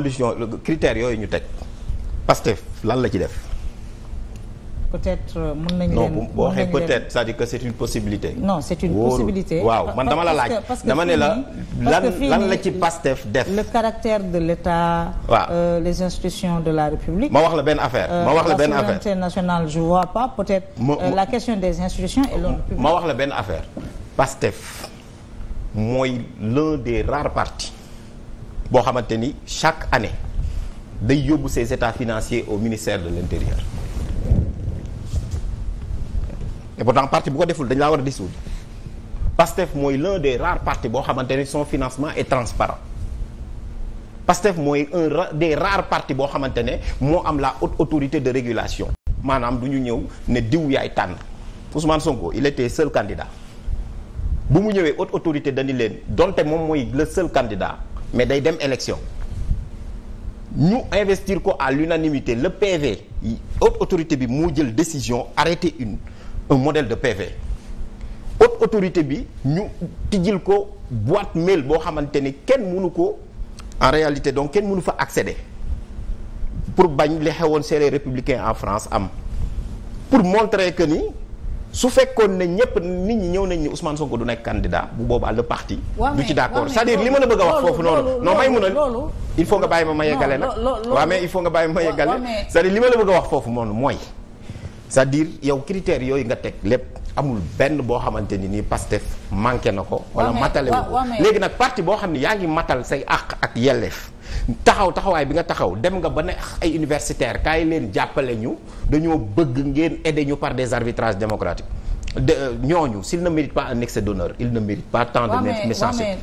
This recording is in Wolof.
condition critères yooyu ñu teg Pastef lan la ci def. peut-être euh, mën nañu leen non boo waxee peut-être c'est-à-dire que c'est une possibilité. non c'est une Wóoru. possibilité. waaw man dama la laaj dama ne la lan lan la ci Pastef def. le caractère de l'État. waaw euh, les institutions de la République. ma wax la benn affaire ma wax la euh, benn affaire la souveraineté nationale je vois pas peut-être. Ma, euh, la question des institutions et l'ordre public. ma wax la benn affaire Pastef mooy l'un des rares partis. boo xamante ni chaque année day yóbbu ses états financiers au ministère de l'intérieur et pourtant parti bu ko deful dañ laa war a dissoudre PASTEF mooy l'un des rares partis boo xamante ni son financement est transparent PASTEF mooy un des rares partis boo xamante ne moo am la haute autorité de régulation maanaam du ñu ñëw ne diw yaay tànn Ousmane Sonko il était seul candidat bu mu ñëwee haute autorité dañu leen donte moom mooy le seul candidat mais day dem élection ñu investir ko à l'unanimité le PV haute autorité bi moo jël décision arrêter une un modèle de PV haute autorité bi ñu tijjil ko boîte mail boo xamante ni kenn mënu ko en réalité donc kenn mënu fa accéder pour bañ li xewoon seree républicain en France am pour montrer que ni su fekkoon ne ñëpp nit ñi ñëw nañ ni Ousmane Sonko du nekk candidat bu boobaa le parti. du ci d' sa cest li mën a bëgg a wax foofu noonu. non may mun a il faut nga bàyyi ma ma yeggale nag. waaw mais il nga bàyyi ma yeggale. cest à li ma la bëgg a wax foofu noonu mooy. cest à yow critères yooyu nga teg lépp amul benn boo xamante ni nii Pastef manqué na ko. wala matale wu ko léegi nag parti boo xam ne yaa ngi matal say àq ak yelleef taxaw taxawaay bi nga taxaw dem nga ba ne ay universitaire kaay leen jàppale ñu dañoo bëgg ngeen aider ñu par des arbitrages démocratiques de euh, ñooñu s'il ne mérite pas un excès d'honneur il ne mérite pas tant de méchanceté